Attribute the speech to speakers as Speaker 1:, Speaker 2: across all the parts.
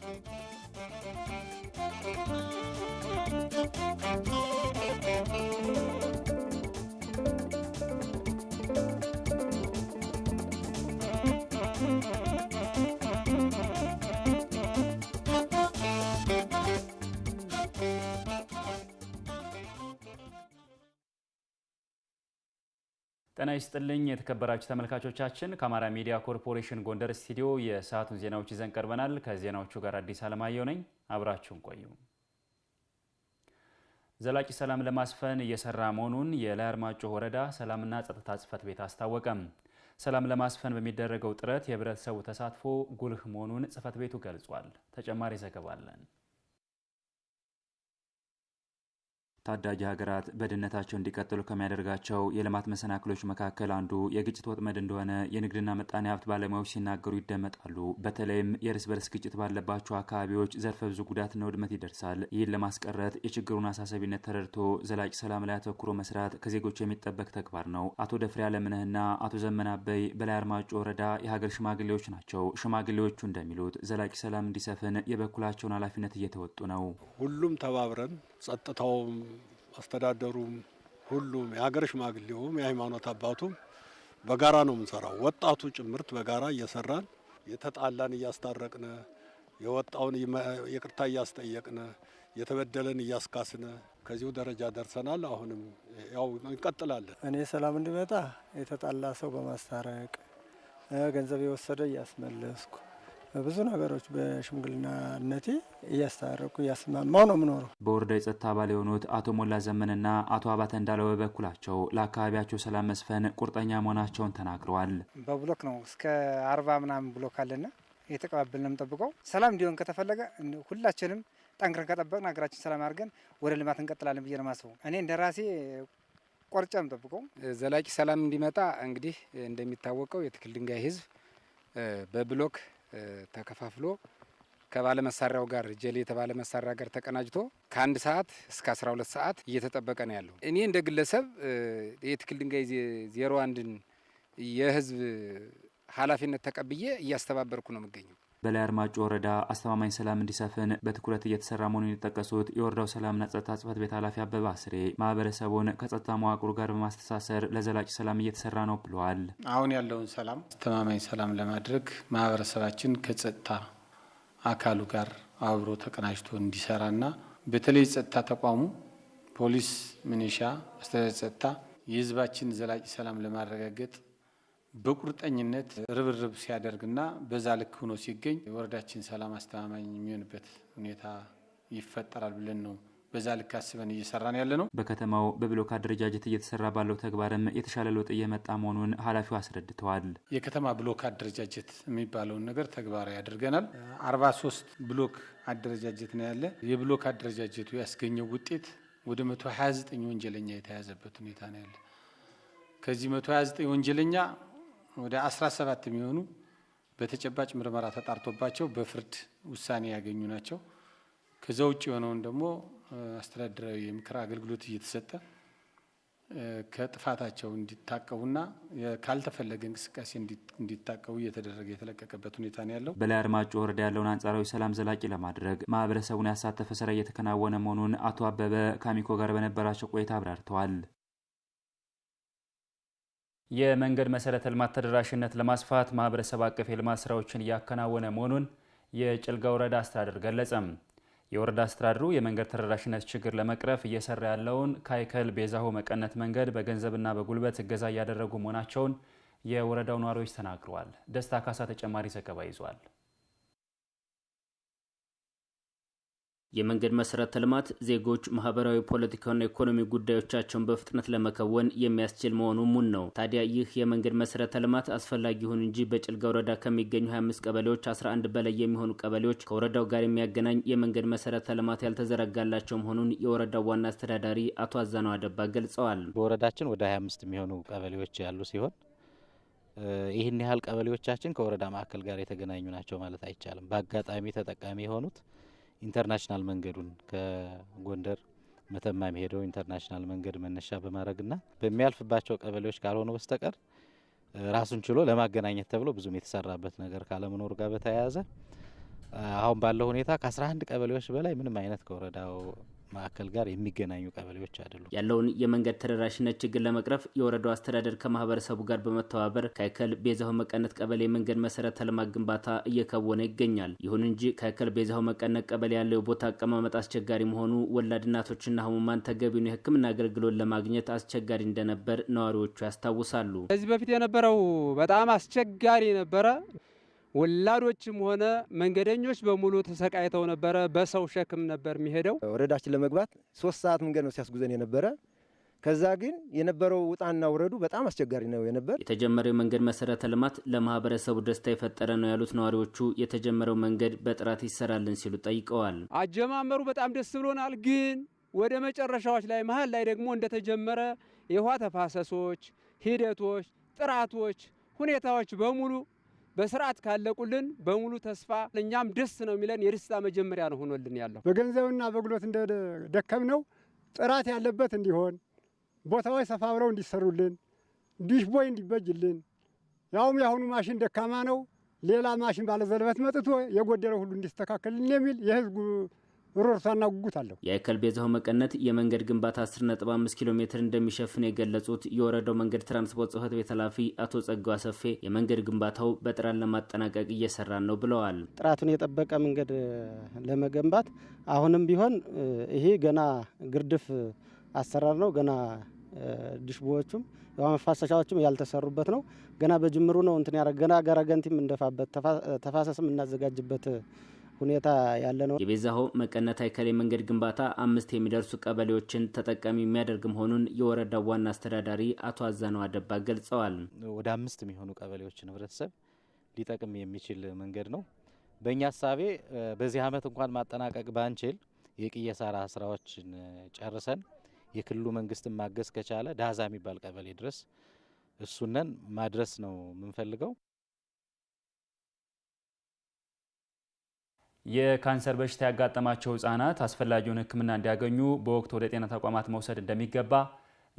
Speaker 1: Thank you. ጤና ይስጥልኝ የተከበራችሁ ተመልካቾቻችን፣ ከአማራ ሚዲያ ኮርፖሬሽን ጎንደር ስቱዲዮ የሰዓቱን ዜናዎች ይዘን ቀርበናል። ከዜናዎቹ ጋር አዲስ አለማየሁ ነኝ። አብራችሁን ቆዩ። ዘላቂ ሰላም ለማስፈን እየሰራ መሆኑን የላይ አርማጭሆ ወረዳ ሰላምና ጸጥታ ጽሕፈት ቤት አስታወቀም። ሰላም ለማስፈን በሚደረገው ጥረት የህብረተሰቡ ተሳትፎ ጉልህ መሆኑን ጽሕፈት ቤቱ ገልጿል። ተጨማሪ ዘገባ አለን። ታዳጊ ሀገራት በድህነታቸው እንዲቀጥሉ ከሚያደርጋቸው የልማት መሰናክሎች መካከል አንዱ የግጭት ወጥመድ እንደሆነ የንግድና ምጣኔ ሀብት ባለሙያዎች ሲናገሩ ይደመጣሉ። በተለይም የእርስ በርስ ግጭት ባለባቸው አካባቢዎች ዘርፈ ብዙ ጉዳትና ውድመት ይደርሳል። ይህን ለማስቀረት የችግሩን አሳሳቢነት ተረድቶ ዘላቂ ሰላም ላይ አተኩሮ መስራት ከዜጎች የሚጠበቅ ተግባር ነው። አቶ ደፍሬ አለምነህና አቶ ዘመን አበይ በላይ አርማጮ ወረዳ የሀገር ሽማግሌዎች ናቸው። ሽማግሌዎቹ እንደሚሉት ዘላቂ ሰላም እንዲሰፍን የበኩላቸውን ኃላፊነት እየተወጡ ነው።
Speaker 2: ሁሉም ተባብረን ጸጥታውም፣ አስተዳደሩም፣ ሁሉም የሀገር ሽማግሌውም የሃይማኖት አባቱም በጋራ ነው የምንሰራው። ወጣቱ ጭምርት በጋራ እየሰራን የተጣላን እያስታረቅነ የወጣውን ይቅርታ እያስጠየቅነ፣ የተበደለን እያስካስነ ከዚሁ ደረጃ ደርሰናል። አሁንም ያው እንቀጥላለን።
Speaker 3: እኔ ሰላም እንዲመጣ የተጣላ ሰው በማስታረቅ ገንዘብ የወሰደ እያስመለስኩ ብዙ ነገሮች በሽምግልናነቴ እያስታረቁ እያስማማው ነው የምኖረው።
Speaker 1: በወረዳ የጸጥታ አባል የሆኑት አቶ ሞላ ዘመንና አቶ አባተ እንዳለው በበኩላቸው ለአካባቢያቸው ሰላም መስፈን ቁርጠኛ መሆናቸውን ተናግረዋል።
Speaker 4: በብሎክ ነው እስከ አርባ ምናምን ብሎክ አለና የተቀባበል ነው የምጠብቀው። ሰላም እንዲሆን ከተፈለገ ሁላችንም ጠንክረን ከጠበቅን ሀገራችን ሰላም አድርገን ወደ ልማት እንቀጥላለን ብዬ ነው ማስበው። እኔ እንደ ራሴ ቆርጬ ነው የምጠብቀው።
Speaker 5: ዘላቂ ሰላም እንዲመጣ እንግዲህ እንደሚታወቀው የትክል ድንጋይ ህዝብ በብሎክ ተከፋፍሎ ከባለ መሳሪያው ጋር ጀሌ የተባለ መሳሪያ ጋር ተቀናጅቶ ከአንድ ሰዓት እስከ 12 ሰዓት እየተጠበቀ ነው ያለው። እኔ እንደ ግለሰብ የትክል ድንጋይ ዜሮ አንድን የህዝብ ኃላፊነት ተቀብዬ እያስተባበርኩ ነው የምገኘው።
Speaker 1: በላይ አርማጭ ወረዳ አስተማማኝ ሰላም እንዲሰፍን በትኩረት እየተሰራ መሆኑን የጠቀሱት የወረዳው ሰላምና ጸጥታ ጽፈት ቤት ኃላፊ አበባ አስሬ ማህበረሰቡን ከጸጥታ መዋቅሩ ጋር በማስተሳሰር ለዘላቂ ሰላም እየተሰራ ነው ብለዋል።
Speaker 6: አሁን ያለውን ሰላም አስተማማኝ ሰላም ለማድረግ ማህበረሰባችን ከጸጥታ አካሉ ጋር አብሮ ተቀናጅቶ እንዲሰራና በተለይ ጸጥታ ተቋሙ ፖሊስ፣ ሚኒሻ፣ አስተዳደር ጸጥታ የህዝባችን ዘላቂ ሰላም ለማረጋገጥ በቁርጠኝነት ርብርብ ሲያደርግና በዛ ልክ ሆኖ ሲገኝ ወረዳችን ሰላም አስተማማኝ የሚሆንበት ሁኔታ ይፈጠራል ብለን ነው በዛ ልክ አስበን እየሰራን ያለ ነው።
Speaker 1: በከተማው በብሎክ አደረጃጀት እየተሰራ ባለው ተግባርም የተሻለ ለውጥ እየመጣ መሆኑን ኃላፊው አስረድተዋል።
Speaker 6: የከተማ ብሎክ አደረጃጀት የሚባለውን ነገር ተግባራዊ አድርገናል። አርባ ሶስት ብሎክ አደረጃጀት ነው ያለ። የብሎክ አደረጃጀቱ ያስገኘው ውጤት ወደ መቶ ወንጀለኛ የተያዘበት ሁኔታ ነው ያለ። ከዚህ መቶ ወንጀለኛ ወደ 17 የሚሆኑ በተጨባጭ ምርመራ ተጣርቶባቸው በፍርድ ውሳኔ ያገኙ ናቸው። ከዛ ውጭ የሆነውን ደግሞ አስተዳደራዊ የምክር አገልግሎት እየተሰጠ ከጥፋታቸው እንዲታቀቡና ካልተፈለገ እንቅስቃሴ እንዲታቀቡ እየተደረገ የተለቀቀበት ሁኔታ ነው ያለው።
Speaker 1: በላይ አርማጮ ወረዳ ያለውን አንጻራዊ ሰላም ዘላቂ ለማድረግ ማህበረሰቡን ያሳተፈ ስራ እየተከናወነ መሆኑን አቶ አበበ ካሚኮ ጋር በነበራቸው ቆይታ አብራርተዋል። የመንገድ መሰረተ ልማት ተደራሽነት ለማስፋት ማህበረሰብ አቀፍ የልማት ስራዎችን እያከናወነ መሆኑን የጭልጋ ወረዳ አስተዳደር ገለጸም። የወረዳ አስተዳደሩ የመንገድ ተደራሽነት ችግር ለመቅረፍ እየሰራ ያለውን ካይከል ቤዛሆ መቀነት መንገድ በገንዘብና በጉልበት እገዛ እያደረጉ መሆናቸውን የወረዳው ነዋሪዎች ተናግረዋል። ደስታ ካሳ ተጨማሪ ዘገባ ይዟል። የመንገድ መሰረተ ልማት ዜጎች ማህበራዊ፣ ፖለቲካና ኢኮኖሚ ጉዳዮቻቸውን በፍጥነት ለመከወን የሚያስችል መሆኑ ሙን ነው። ታዲያ ይህ የመንገድ መሰረተ ልማት አስፈላጊ ይሁን እንጂ በጭልጋ ወረዳ ከሚገኙ 25 ቀበሌዎች 11 በላይ የሚሆኑ ቀበሌዎች ከወረዳው ጋር የሚያገናኝ የመንገድ መሰረተ ልማት ያልተዘረጋላቸው መሆኑን የወረዳው ዋና አስተዳዳሪ አቶ አዛነው አደባ ገልጸዋል።
Speaker 7: በወረዳችን ወደ 25 የሚሆኑ ቀበሌዎች ያሉ ሲሆን ይህን ያህል ቀበሌዎቻችን ከወረዳ ማዕከል ጋር የተገናኙ ናቸው ማለት አይቻልም። በአጋጣሚ ተጠቃሚ የሆኑት ኢንተርናሽናል መንገዱን ከጎንደር መተማ የሚሄደው ኢንተርናሽናል መንገድ መነሻ በማድረግና በሚያልፍባቸው ቀበሌዎች ካልሆነ በስተቀር ራሱን ችሎ ለማገናኘት ተብሎ ብዙም የተሰራበት ነገር ካለመኖሩ ጋር በተያያዘ አሁን ባለው ሁኔታ ከ11 ቀበሌዎች በላይ ምንም አይነት ከወረዳው ማዕከል ጋር የሚገናኙ ቀበሌዎች አይደሉም።
Speaker 1: ያለውን የመንገድ ተደራሽነት ችግር ለመቅረፍ የወረዳው አስተዳደር ከማህበረሰቡ ጋር በመተባበር ከከል ቤዛው መቀነት ቀበሌ መንገድ መሰረተ ልማት ግንባታ እየከወነ ይገኛል። ይሁን እንጂ ከከል ቤዛው መቀነት ቀበሌ ያለው የቦታ አቀማመጥ አስቸጋሪ መሆኑ ወላድ እናቶችና ህሙማን ተገቢውን የሕክምና አገልግሎት ለማግኘት አስቸጋሪ እንደነበር ነዋሪዎቹ ያስታውሳሉ።
Speaker 8: ከዚህ በፊት የነበረው በጣም አስቸጋሪ ነበረ። ወላዶችም ሆነ መንገደኞች በሙሉ ተሰቃይተው ነበረ። በሰው ሸክም ነበር የሚሄደው።
Speaker 9: ወረዳችን ለመግባት ሶስት ሰዓት መንገድ ነው ሲያስጉዘን የነበረ። ከዛ ግን የነበረው ውጣና ውረዱ በጣም አስቸጋሪ ነው የነበር።
Speaker 1: የተጀመረው የመንገድ መሰረተ ልማት ለማህበረሰቡ ደስታ የፈጠረ ነው ያሉት ነዋሪዎቹ የተጀመረው መንገድ በጥራት ይሰራልን ሲሉ ጠይቀዋል።
Speaker 8: አጀማመሩ በጣም ደስ ብሎናል፣ ግን ወደ መጨረሻዎች ላይ መሀል ላይ ደግሞ እንደተጀመረ የውሃ ተፋሰሶች ሂደቶች፣ ጥራቶች፣ ሁኔታዎች በሙሉ በስርዓት ካለቁልን በሙሉ ተስፋ እኛም ደስ ነው የሚለን የደስታ መጀመሪያ ነው ሆኖልን ያለው።
Speaker 9: በገንዘብና በጉልበት እንደደከም ነው ጥራት ያለበት እንዲሆን ቦታዎች ሰፋ ብለው እንዲሰሩልን፣ ዲሽ ቦይ እንዲበጅልን። ያውም የአሁኑ ማሽን ደካማ ነው። ሌላ ማሽን ባለዘልበት መጥቶ የጎደለው ሁሉ እንዲስተካከልን የሚል የህዝቡ ሮርሳና ጉጉት አለው።
Speaker 1: የአይከል ቤዛው መቀነት የመንገድ ግንባታ 10.5 ኪሎ ሜትር እንደሚሸፍን የገለጹት የወረዳው መንገድ ትራንስፖርት ጽህፈት ቤት ኃላፊ አቶ ጸጋው አሰፌ የመንገድ ግንባታው በጥራት ለማጠናቀቅ እየሰራ ነው ብለዋል።
Speaker 9: ጥራቱን የጠበቀ መንገድ ለመገንባት አሁንም ቢሆን ይሄ ገና ግርድፍ አሰራር ነው። ገና ድሽቦዎቹም የውሃ መፋሰሻዎችም ያልተሰሩበት ነው። ገና በጅምሩ ነው እንትን ያረገና ገራገንቲም እንደፋበት ተፋሰስም እናዘጋጅበት ሁኔታ ያለ ነው።
Speaker 1: የቤዛሆ መቀነት አይከሌ መንገድ ግንባታ አምስት የሚደርሱ ቀበሌዎችን ተጠቃሚ የሚያደርግ መሆኑን የወረዳው ዋና አስተዳዳሪ አቶ አዛነው አደባ ገልጸዋል።
Speaker 7: ወደ አምስት የሚሆኑ ቀበሌዎችን ህብረተሰብ ሊጠቅም የሚችል መንገድ ነው። በእኛ ሀሳቤ በዚህ አመት እንኳን ማጠናቀቅ ባንችል የቅየሳራ ስራዎችን ጨርሰን የክልሉ መንግስትን ማገዝ ከቻለ ዳዛ የሚባል ቀበሌ ድረስ እሱነን ማድረስ ነው የምንፈልገው።
Speaker 1: የካንሰር በሽታ ያጋጠማቸው ህጻናት አስፈላጊውን ሕክምና እንዲያገኙ በወቅት ወደ ጤና ተቋማት መውሰድ እንደሚገባ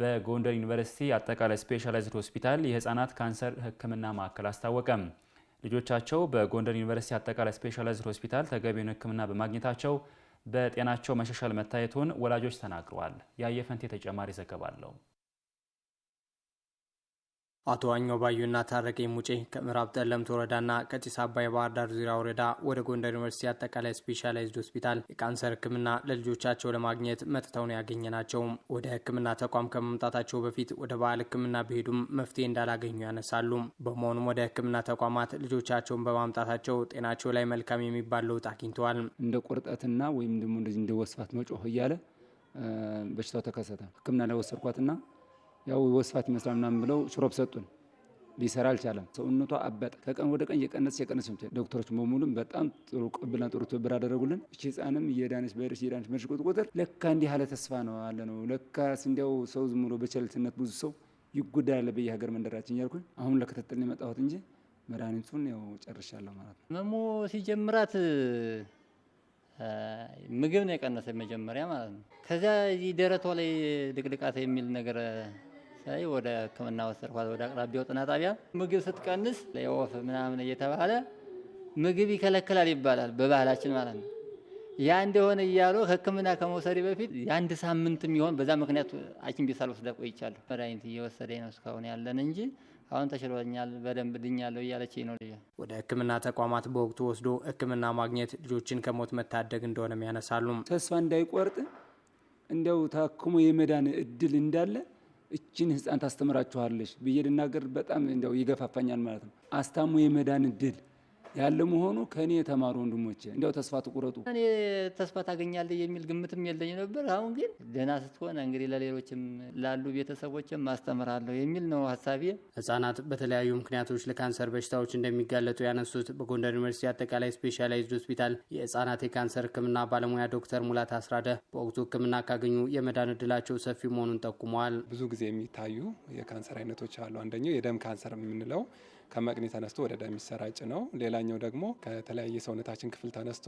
Speaker 1: በጎንደር ዩኒቨርሲቲ አጠቃላይ ስፔሻላይዝድ ሆስፒታል የህጻናት ካንሰር ሕክምና ማዕከል አስታወቀም። ልጆቻቸው በጎንደር ዩኒቨርሲቲ አጠቃላይ ስፔሻላይዝድ ሆስፒታል ተገቢውን ሕክምና በማግኘታቸው በጤናቸው መሻሻል መታየቱን ወላጆች ተናግረዋል። ያየፈንቴ ተጨማሪ ዘገባ አለው። አቶ ዋኞ ባዩና ታረቀኝ ሙጬ ከምዕራብ ጠለምት ወረዳና ከጢስ አባይ ባህር ዳር ዙሪያ ወረዳ ወደ ጎንደር ዩኒቨርሲቲ አጠቃላይ ስፔሻላይዝድ ሆስፒታል የካንሰር ሕክምና ለልጆቻቸው ለማግኘት ነው ያገኘ ናቸው። ወደ ሕክምና ተቋም ከመምጣታቸው በፊት ወደ ባህል ሕክምና ቢሄዱም መፍትሄ እንዳላገኙ ያነሳሉ። በመሆኑም ወደ ሕክምና ተቋማት ልጆቻቸውን በማምጣታቸው ጤናቸው ላይ መልካም የሚባል ለውጥ አግኝተዋል።
Speaker 9: እንደ ቁርጠትና ወይም ደግሞ እንደዚህ እንደ ወስፋት መጮህ እያለ በሽታው ተከሰተ። ሕክምና ላይ ወሰድኳትና ያው ወስፋት ይመስላል ምናምን ብለው ሽሮፕ ሰጡን። ሊሰራ አልቻለም። ሰውነቷ አበጠ። ከቀን ወደ ቀን እየቀነስ እየቀነስ የቀነሰች ዶክተሮች በሙሉም በጣም ጥሩ ቅብልና ጥሩ ትብብር አደረጉልን። እቺ ህፃንም እየዳነች በሄደች እየዳነች በሄደች ቁጥር ለካ እንዲህ ያለ ተስፋ ነው አለ ነው ለካስ እንዲያው ሰው ዝም ብሎ በቸልተኝነት ብዙ ሰው ይጎዳል ሀገር መንደራችን እያልኩኝ አሁን ለክትትል የመጣሁት እንጂ መድኃኒቱን ያው ጨርሻለሁ ማለት ነው።
Speaker 10: መሞ ሲጀምራት ምግብ ነው የቀነሰ መጀመሪያ ማለት ነው። ከዚያ እዚህ ደረቷ ላይ ድቅድቃት የሚል ነገር ላይ ወደ ሕክምና ወሰድኳት ወደ አቅራቢያው ጤና ጣቢያ። ምግብ ስትቀንስ ለወፍ ምናምን እየተባለ ምግብ ይከለከላል ይባላል በባህላችን ማለት ነው። ያ እንደሆነ እያሉ ሕክምና ከመውሰዴ በፊት የአንድ ሳምንት የሚሆን በዛ ምክንያት ሐኪም ቤት ሳልወስድ ቆይቻለሁ። መድኃኒት እየወሰደ ነው እስካሁን ያለን እንጂ አሁን ተሽሎኛል፣ በደንብ ድኛለሁ እያለች ነው።
Speaker 1: ወደ ህክምና ተቋማት በወቅቱ ወስዶ ህክምና ማግኘት ልጆችን ከሞት መታደግ እንደሆነም ያነሳሉ።
Speaker 9: ተስፋ እንዳይቆርጥ እንደው ታክሞ የመዳን እድል እንዳለ እችን ህፃን ታስተምራችኋለች ብዬ ልናገር በጣም እንደው ይገፋፋኛል ማለት ነው። አስታሞ የመዳን እድል ያለ መሆኑ ከእኔ የተማሩ ወንድሞቼ እንዲያው ተስፋ ትቁረጡ።
Speaker 11: እኔ ተስፋ ታገኛለህ የሚል ግምትም የለኝ ነበር። አሁን ግን ደህና ስትሆን እንግዲህ ለሌሎችም ላሉ ቤተሰቦችም ማስተምራለሁ የሚል ነው ሀሳቤ።
Speaker 1: ህጻናት በተለያዩ ምክንያቶች ለካንሰር በሽታዎች እንደሚጋለጡ ያነሱት በጎንደር ዩኒቨርሲቲ አጠቃላይ ስፔሻላይዝድ ሆስፒታል የህጻናት የካንሰር ህክምና ባለሙያ ዶክተር ሙላት አስራደ በወቅቱ ህክምና ካገኙ የመዳን እድላቸው ሰፊ መሆኑን ጠቁመዋል።
Speaker 6: ብዙ ጊዜ የሚታዩ የካንሰር አይነቶች አሉ። አንደኛው የደም ካንሰር የምንለው ከመቅኔ ተነስቶ ወደ ደም የሚሰራጭ ነው። ሌላኛው ደግሞ ከተለያየ ሰውነታችን ክፍል ተነስቶ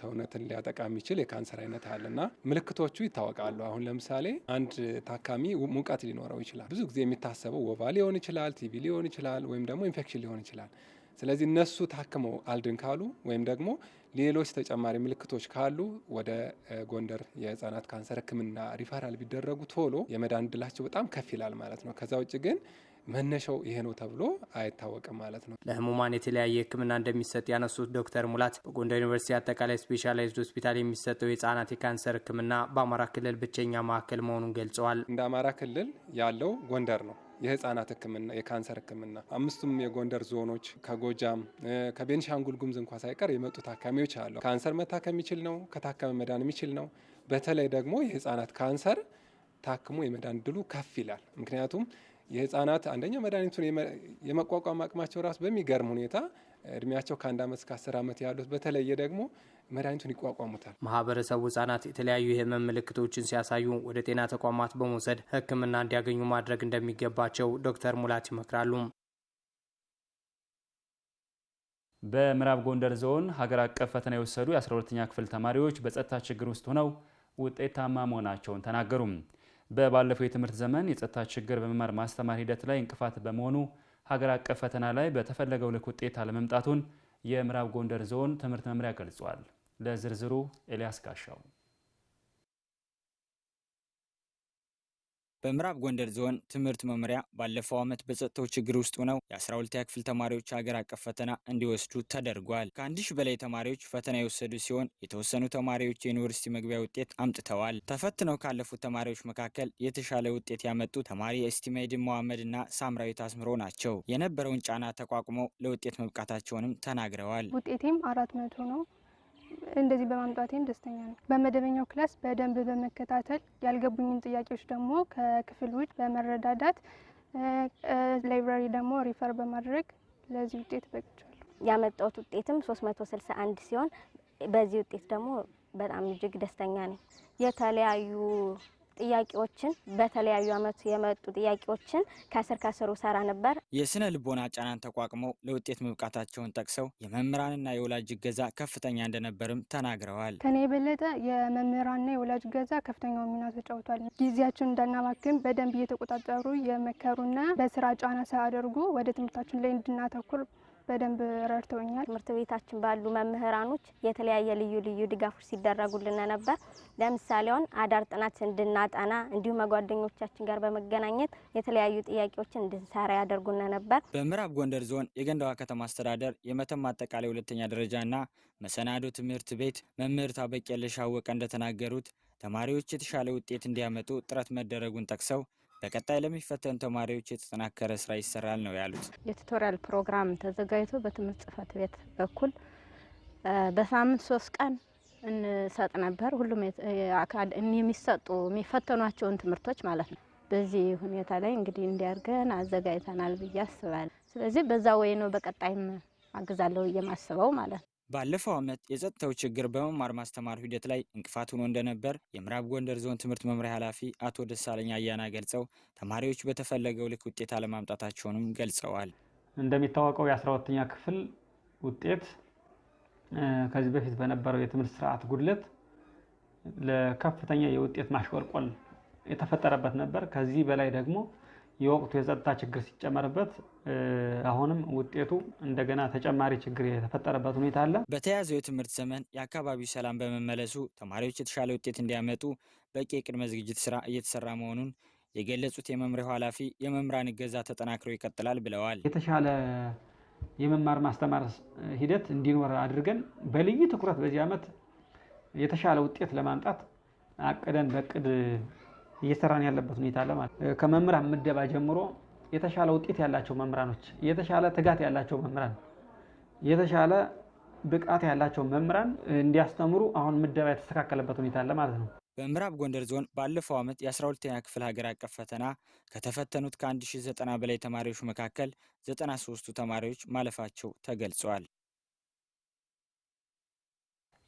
Speaker 6: ሰውነትን ሊያጠቃ የሚችል የካንሰር አይነት አለና ምልክቶቹ ይታወቃሉ። አሁን ለምሳሌ አንድ ታካሚ ሙቀት ሊኖረው ይችላል። ብዙ ጊዜ የሚታሰበው ወባ ሊሆን ይችላል፣ ቲቪ ሊሆን ይችላል፣ ወይም ደግሞ ኢንፌክሽን ሊሆን ይችላል። ስለዚህ እነሱ ታክመው አልድን ካሉ ወይም ደግሞ ሌሎች ተጨማሪ ምልክቶች ካሉ ወደ ጎንደር የህጻናት ካንሰር ሕክምና ሪፈራል ቢደረጉ ቶሎ የመዳን እድላቸው በጣም ከፍ ይላል ማለት ነው። ከዛ ውጭ ግን መነሻው ይሄ ነው ተብሎ አይታወቅም ማለት ነው።
Speaker 1: ለህሙማን የተለያየ ሕክምና እንደሚሰጥ ያነሱት ዶክተር ሙላት በጎንደር ዩኒቨርሲቲ አጠቃላይ ስፔሻላይዝድ ሆስፒታል የሚሰጠው የህጻናት የካንሰር ሕክምና በአማራ ክልል ብቸኛ ማዕከል መሆኑን ገልጸዋል።
Speaker 6: እንደ አማራ ክልል ያለው ጎንደር ነው የህፃናት ህክምና የካንሰር ህክምና አምስቱም የጎንደር ዞኖች ከጎጃም ከቤንሻንጉል ጉምዝ እንኳ ሳይቀር የመጡ ታካሚዎች አሉ። ካንሰር መታከም የሚችል ነው። ከታከመ መዳን የሚችል ነው። በተለይ ደግሞ የህፃናት ካንሰር ታክሞ የመዳን ድሉ ከፍ ይላል። ምክንያቱም የህፃናት አንደኛው መድኃኒቱን የመቋቋም አቅማቸው ራሱ በሚገርም ሁኔታ እድሜያቸው ከአንድ ዓመት እስከ አስር ዓመት ያሉት በተለየ ደግሞ መድኃኒቱን ይቋቋሙታል።
Speaker 1: ማህበረሰቡ ህጻናት የተለያዩ የህመም ምልክቶችን ሲያሳዩ ወደ ጤና ተቋማት በመውሰድ ህክምና እንዲያገኙ ማድረግ እንደሚገባቸው ዶክተር ሙላት ይመክራሉ። በምዕራብ ጎንደር ዞን ሀገር አቀፍ ፈተና የወሰዱ የ12ኛ ክፍል ተማሪዎች በጸጥታ ችግር ውስጥ ሆነው ውጤታማ መሆናቸውን ተናገሩም። በባለፈው የትምህርት ዘመን የጸጥታ ችግር በመማር ማስተማር ሂደት ላይ እንቅፋት በመሆኑ ሀገር አቀፍ ፈተና ላይ በተፈለገው ልክ ውጤት አለመምጣቱን የምዕራብ ጎንደር ዞን ትምህርት መምሪያ ገልጿል። ለዝርዝሩ ኤልያስ ጋሻው በምዕራብ ጎንደር ዞን ትምህርት መምሪያ ባለፈው ዓመት በጸጥታው ችግር ውስጥ ሆነው የ12ኛ ክፍል ተማሪዎች ሀገር አቀፍ ፈተና እንዲወስዱ ተደርጓል። ከአንድ ሺህ በላይ ተማሪዎች ፈተና የወሰዱ ሲሆን የተወሰኑ ተማሪዎች የዩኒቨርሲቲ መግቢያ ውጤት አምጥተዋል። ተፈትነው ካለፉት ተማሪዎች መካከል የተሻለ ውጤት ያመጡ ተማሪ ኤስቲሜድን መሐመድ እና ሳምራዊት አስምሮ ናቸው። የነበረውን ጫና ተቋቁመው ለውጤት መብቃታቸውንም ተናግረዋል።
Speaker 12: ውጤቴም አራት መቶ ነው። እንደዚህ በማምጣቴም ደስተኛ ነኝ። በመደበኛው ክላስ በደንብ በመከታተል ያልገቡኝን ጥያቄዎች ደግሞ ከክፍል ውጭ በመረዳዳት ላይብራሪ ደግሞ ሪፈር በማድረግ ለዚህ ውጤት በቅቻለሁ።
Speaker 13: ያመጣሁት ውጤትም 361 ሲሆን በዚህ ውጤት ደግሞ በጣም እጅግ ደስተኛ ነኝ። የተለያዩ ጥያቄዎችን በተለያዩ አመቱ የመጡ ጥያቄዎችን ከስር ከስሩ ሰራ ነበር።
Speaker 1: የስነ ልቦና ጫናን ተቋቁመው ለውጤት መብቃታቸውን ጠቅሰው የመምህራንና የወላጅ እገዛ ከፍተኛ እንደነበርም ተናግረዋል።
Speaker 14: ከኔ የበለጠ የመምህራንና የወላጅ እገዛ ከፍተኛው ሚና ተጫውቷል። ጊዜያችን እንዳናባክን በደንብ እየተቆጣጠሩ የመከሩና በስራ ጫና ሳያደርጉ ወደ ትምህርታችን ላይ እንድናተኩር በደንብ ረድተውኛል።
Speaker 13: ትምህርት ቤታችን ባሉ መምህራኖች የተለያየ ልዩ ልዩ ድጋፎች ሲደረጉልን ነበር። ለምሳሌ አሁን አዳር ጥናት እንድናጠና እንዲሁም ከጓደኞቻችን ጋር በመገናኘት የተለያዩ ጥያቄዎችን እንድንሰራ ያደርጉን ነበር።
Speaker 1: በምዕራብ ጎንደር ዞን የገንዳዋ ከተማ አስተዳደር የመተማ አጠቃላይ ሁለተኛ ደረጃና መሰናዶ ትምህርት ቤት መምህር ታበቅያለሽ አወቀ እንደተናገሩት ተማሪዎች የተሻለ ውጤት እንዲያመጡ ጥረት መደረጉን ጠቅሰው በቀጣይ ለሚፈተኑ ተማሪዎች የተጠናከረ ስራ ይሰራል ነው ያሉት።
Speaker 13: የቱቶሪያል ፕሮግራም ተዘጋጅቶ በትምህርት ጽህፈት ቤት በኩል በሳምንት ሶስት ቀን እንሰጥ ነበር። ሁሉም የሚሰጡ የሚፈተኗቸውን ትምህርቶች ማለት ነው። በዚህ ሁኔታ ላይ እንግዲህ እንዲያርገን አዘጋጅተናል ብዬ አስባለሁ። ስለዚህ በዛ ወይ ነው በቀጣይም አግዛለሁ እየማስበው ማለት ነው።
Speaker 1: ባለፈው ዓመት የጸጥታው ችግር በመማር ማስተማር ሂደት ላይ እንቅፋት ሆኖ እንደነበር የምዕራብ ጎንደር ዞን ትምህርት መምሪያ ኃላፊ አቶ ደሳለኝ አያና ገልጸው ተማሪዎች በተፈለገው ልክ ውጤት አለማምጣታቸውንም ገልጸዋል።
Speaker 9: እንደሚታወቀው የ12ተኛ ክፍል ውጤት ከዚህ በፊት በነበረው የትምህርት ስርዓት ጉድለት ለከፍተኛ የውጤት ማሽቆልቆል የተፈጠረበት ነበር። ከዚህ በላይ ደግሞ የወቅቱ የጸጥታ ችግር ሲጨመርበት አሁንም ውጤቱ እንደገና ተጨማሪ ችግር የተፈጠረበት ሁኔታ አለ።
Speaker 1: በተያዘው የትምህርት ዘመን የአካባቢው ሰላም በመመለሱ ተማሪዎች የተሻለ ውጤት እንዲያመጡ በቂ የቅድመ ዝግጅት ስራ እየተሰራ መሆኑን የገለጹት የመምሪያው ኃላፊ የመምህራን እገዛ ተጠናክሮ ይቀጥላል ብለዋል።
Speaker 9: የተሻለ የመማር ማስተማር ሂደት እንዲኖር አድርገን በልዩ ትኩረት በዚህ ዓመት የተሻለ ውጤት ለማምጣት አቅደን በቅድ እየሰራን ያለበት ሁኔታ አለ ማለት ከመምህራን ምደባ ጀምሮ የተሻለ ውጤት ያላቸው መምህራኖች፣ የተሻለ ትጋት ያላቸው መምህራን፣ የተሻለ ብቃት ያላቸው መምህራን እንዲያስተምሩ አሁን ምደባ የተስተካከለበት ሁኔታ አለ ማለት ነው።
Speaker 1: በምዕራብ ጎንደር ዞን ባለፈው ዓመት የ12ኛ ክፍል ሀገር አቀፍ ፈተና ከተፈተኑት ከ1090 በላይ ተማሪዎች መካከል 93ቱ ተማሪዎች ማለፋቸው ተገልጿል።